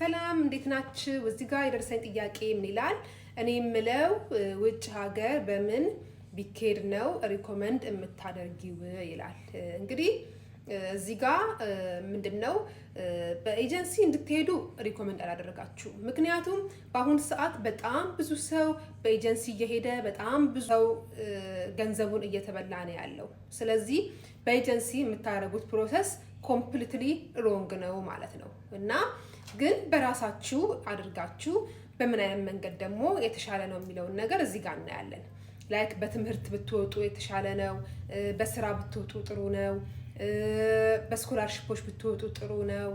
ሰላም እንዴት ናችሁ? እዚህ ጋር የደረሰኝ ጥያቄ ምን ይላል? እኔ የምለው ውጭ ሀገር በምን ቢኬድ ነው ሪኮመንድ የምታደርጊው ይላል። እንግዲህ እዚህ ጋር ምንድን ነው በኤጀንሲ እንድትሄዱ ሪኮመንድ አላደረጋችሁ። ምክንያቱም በአሁኑ ሰዓት በጣም ብዙ ሰው በኤጀንሲ እየሄደ በጣም ብዙ ሰው ገንዘቡን እየተበላ ነው ያለው። ስለዚህ በኤጀንሲ የምታደርጉት ፕሮሰስ ኮምፕሊትሊ ሮንግ ነው ማለት ነው እና ግን በራሳችሁ አድርጋችሁ በምን አይነት መንገድ ደግሞ የተሻለ ነው የሚለውን ነገር እዚህ ጋር እናያለን። ላይክ በትምህርት ብትወጡ የተሻለ ነው፣ በስራ ብትወጡ ጥሩ ነው፣ በስኮላርሽፖች ብትወጡ ጥሩ ነው፣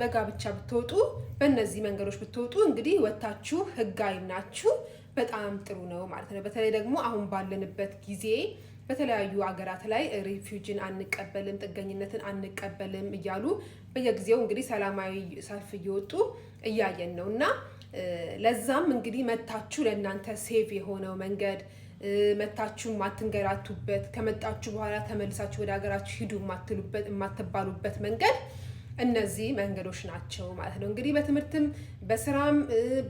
በጋብቻ ብትወጡ፣ በእነዚህ መንገዶች ብትወጡ እንግዲህ ወታችሁ ህጋዊ ናችሁ፣ በጣም ጥሩ ነው ማለት ነው። በተለይ ደግሞ አሁን ባለንበት ጊዜ በተለያዩ አገራት ላይ ሪፊውጂን አንቀበልም፣ ጥገኝነትን አንቀበልም እያሉ በየጊዜው እንግዲህ ሰላማዊ ሰልፍ እየወጡ እያየን ነው እና ለዛም እንግዲህ መታችሁ ለእናንተ ሴቭ የሆነው መንገድ መታችሁ ማትንገራቱበት ከመጣችሁ በኋላ ተመልሳችሁ ወደ ሀገራችሁ ሂዱ የማትሉበት የማትባሉበት መንገድ እነዚህ መንገዶች ናቸው ማለት ነው። እንግዲህ በትምህርትም፣ በስራም፣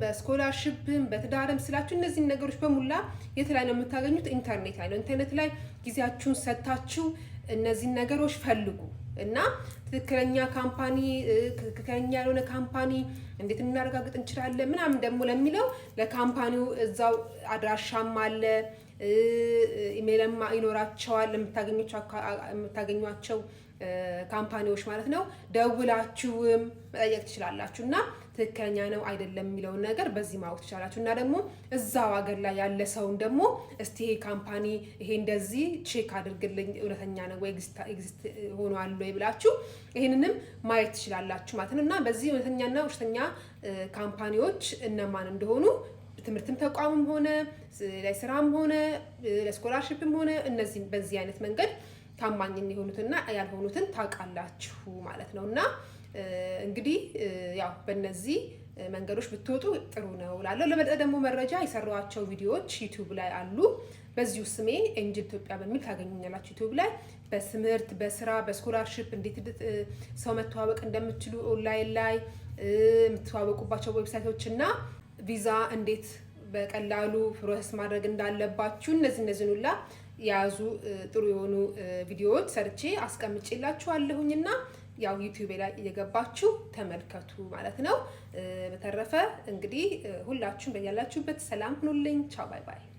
በስኮላርሽፕም፣ በትዳርም ስላችሁ እነዚህን ነገሮች በሙላ የት ላይ ነው የምታገኙት? ኢንተርኔት ላይ ነው። ኢንተርኔት ላይ ጊዜያችሁን ሰጥታችሁ እነዚህን ነገሮች ፈልጉ እና ትክክለኛ ካምፓኒ ትክክለኛ ያልሆነ ካምፓኒ እንዴት እናረጋግጥ እንችላለን ምናምን ደግሞ ለሚለው ለካምፓኒው እዛው አድራሻም አለ ኢሜይልም ይኖራቸዋል የምታገኟቸው ካምፓኒዎች ማለት ነው። ደውላችሁም መጠየቅ ትችላላችሁ እና ትክክለኛ ነው አይደለም የሚለውን ነገር በዚህ ማወቅ ትችላላችሁ እና ደግሞ እዛው ሀገር ላይ ያለ ሰውን ደግሞ እስቲ ይሄ ካምፓኒ ይሄ እንደዚህ ቼክ አድርግልኝ እውነተኛ ነው ወይ ኤግዚስት ሆኗል ወይ ብላችሁ ይህንንም ማየት ትችላላችሁ ማለት ነው እና በዚህ እውነተኛና ውሸተኛ ካምፓኒዎች እነማን እንደሆኑ ትምህርትም ተቋምም ሆነ ለስራም ሆነ ለስኮላርሽፕም ሆነ እነዚህ በዚህ አይነት መንገድ ታማኝ የሆኑትና ያልሆኑትን ታውቃላችሁ ማለት ነው እና እንግዲህ ያው በእነዚህ መንገዶች ብትወጡ ጥሩ ነው እላለሁ። ለበለጠ ደግሞ መረጃ የሰራኋቸው ቪዲዮዎች ዩቲዩብ ላይ አሉ። በዚሁ ስሜ ኤንጅል ኢትዮጵያ በሚል ታገኙኛላችሁ። ዩቲዩብ ላይ በትምህርት፣ በስራ፣ በስኮላርሽፕ እንዴት ሰው መተዋወቅ እንደምትችሉ ኦንላይን ላይ የምትተዋወቁባቸው ዌብሳይቶች እና ቪዛ እንዴት በቀላሉ ፕሮሰስ ማድረግ እንዳለባችሁ እነዚህ እነዚህን ሁላ የያዙ ጥሩ የሆኑ ቪዲዮዎች ሰርቼ አስቀምጬላችኋለሁኝ እና ያው ዩቲዩብ ላይ እየገባችሁ ተመልከቱ ማለት ነው። በተረፈ እንግዲህ ሁላችሁም በያላችሁበት ሰላም ሁኑልኝ። ቻው ባይ ባይ።